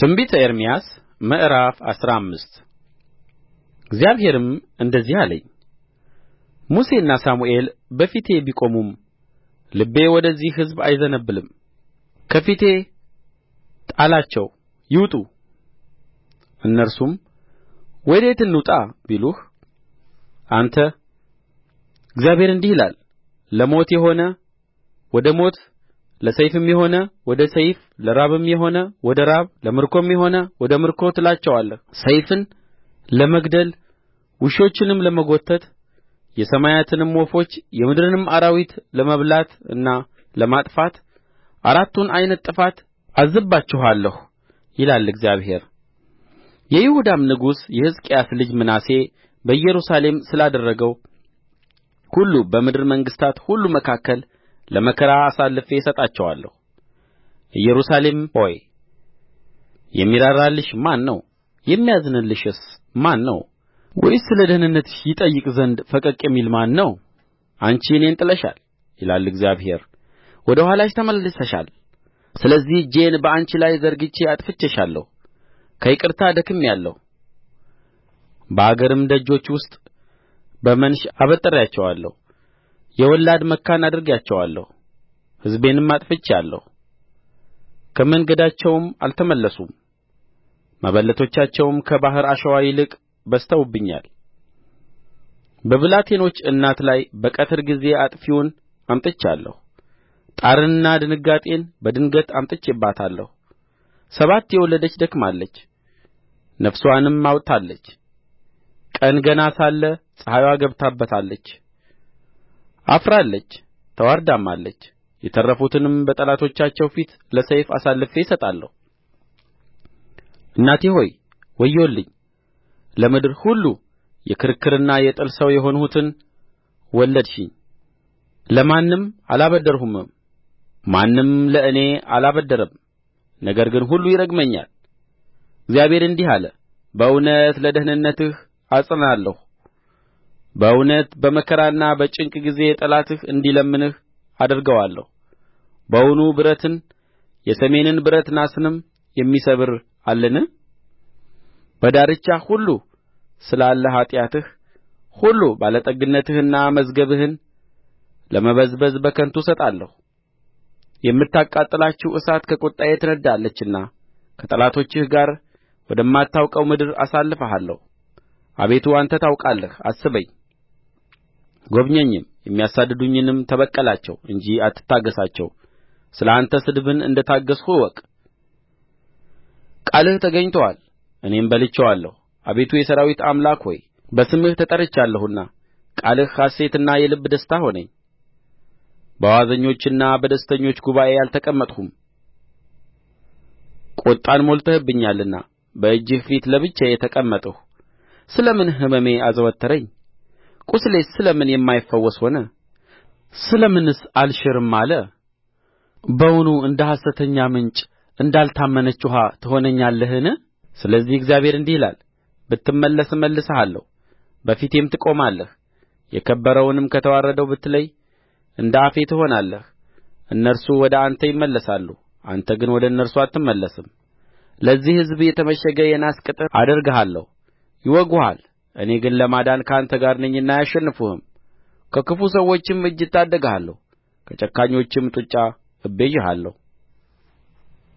ትንቢተ ኤርምያስ ምዕራፍ አስራ አምስት እግዚአብሔርም እንደዚህ አለኝ ሙሴና ሳሙኤል በፊቴ ቢቆሙም ልቤ ወደዚህ ሕዝብ አይዘነብልም ከፊቴ ጣላቸው ይውጡ እነርሱም ወዴት እንውጣ ቢሉህ አንተ እግዚአብሔር እንዲህ ይላል ለሞት የሆነ ወደ ሞት ለሰይፍም የሆነ ወደ ሰይፍ ለራብም የሆነ ወደ ራብ ለምርኮም የሆነ ወደ ምርኮ ትላቸዋለህ ሰይፍን ለመግደል ውሾችንም ለመጐተት የሰማያትንም ወፎች የምድርንም አራዊት ለመብላትና ለማጥፋት አራቱን ዓይነት ጥፋት አዝዝባችኋለሁ ይላል እግዚአብሔር የይሁዳም ንጉሥ የሕዝቅያስ ልጅ ምናሴ በኢየሩሳሌም ስላደረገው ሁሉ በምድር መንግሥታት ሁሉ መካከል ለመከራ አሳልፌ እሰጣቸዋለሁ ኢየሩሳሌም ሆይ የሚራራልሽ ማን ነው የሚያዝንልሽስ ማን ነው ወይስ ስለ ደኅንነትሽ ይጠይቅ ዘንድ ፈቀቅ የሚል ማን ነው አንቺ እኔን ጥለሻል ይላል እግዚአብሔር ወደ ኋላሽ ተመልሰሻል ስለዚህ እጄን በአንቺ ላይ ዘርግቼ አጥፍቼሻለሁ ከይቅርታ ደክሜአለሁ በአገርም ደጆች ውስጥ በመንሽ አበጥሬአቸዋለሁ የወላድ መካን አድርጌአቸዋለሁ ሕዝቤንም አጥፍቼአለሁ ከመንገዳቸውም አልተመለሱም መበለቶቻቸውም ከባሕር አሸዋ ይልቅ በዝተውብኛል በብላቴኖች እናት ላይ በቀትር ጊዜ አጥፊውን አምጥቻለሁ ጣርንና ድንጋጤን በድንገት አምጥቼባታለሁ ሰባት የወለደች ደክማለች ነፍስዋንም አውጥታለች ቀን ገና ሳለ ፀሐይዋ ገብታበታለች አፍራለች ተዋርዳማለች የተረፉትንም በጠላቶቻቸው ፊት ለሰይፍ አሳልፌ እሰጣለሁ እናቴ ሆይ ወዮልኝ ለምድር ሁሉ የክርክርና የጥል ሰው የሆንሁትን ወለድሽኝ ለማንም አላበደርሁምም ማንም ለእኔ አላበደረም ነገር ግን ሁሉ ይረግመኛል እግዚአብሔር እንዲህ አለ በእውነት ለደኅንነትህ አጽናለሁ በእውነት በመከራና በጭንቅ ጊዜ ጠላትህ እንዲለምንህ አደርገዋለሁ በውኑ ብረትን የሰሜንን ብረት ናስንም የሚሰብር አለን በዳርቻህ ሁሉ ስላለ ኃጢአትህ ሁሉ ባለጠግነትህና መዝገብህን ለመበዝበዝ በከንቱ እሰጣለሁ የምታቃጥላችሁ እሳት ከቍጣዬ ትነድዳለችና ከጠላቶችህ ጋር ወደማታውቀው ምድር አሳልፍሃለሁ አቤቱ አንተ ታውቃለህ አስበኝ ጐብኘኝም የሚያሳድዱኝንም ተበቀላቸው እንጂ አትታገሣቸው ስለ አንተ ስድብን እንደ ታገሥሁ እወቅ ቃልህ ተገኝቶአል እኔም በልቼዋለሁ አቤቱ የሠራዊት አምላክ ሆይ በስምህ ተጠርቻለሁና ቃልህ ሐሤትና የልብ ደስታ ሆነኝ በዋዘኞችና በደስተኞች ጉባኤ አልተቀመጥሁም ቍጣን ሞልተህብኛልና በእጅህ ፊት ለብቻዬ ተቀመጥሁ ስለ ምን ሕመሜ አዘወተረኝ ቍስሌስ ስለ ምን የማይፈወስ ሆነ ስለ ምንስ አልሽርም አለ በውኑ እንደ ሐሰተኛ ምንጭ እንዳልታመነች ውኃ ትሆነኛለህን ስለዚህ እግዚአብሔር እንዲህ ይላል ብትመለስ እመልስሃለሁ በፊቴም ትቆማለህ የከበረውንም ከተዋረደው ብትለይ እንደ አፌ ትሆናለህ እነርሱ ወደ አንተ ይመለሳሉ አንተ ግን ወደ እነርሱ አትመለስም ለዚህ ሕዝብ የተመሸገ የናስ ቅጥር አደርግሃለሁ ይወጉሃል እኔ ግን ለማዳን ከአንተ ጋር ነኝና አያሸንፉህም ከክፉ ሰዎችም እጅ እታደግሃለሁ ከጨካኞችም ጡጫ እቤዥሃለሁ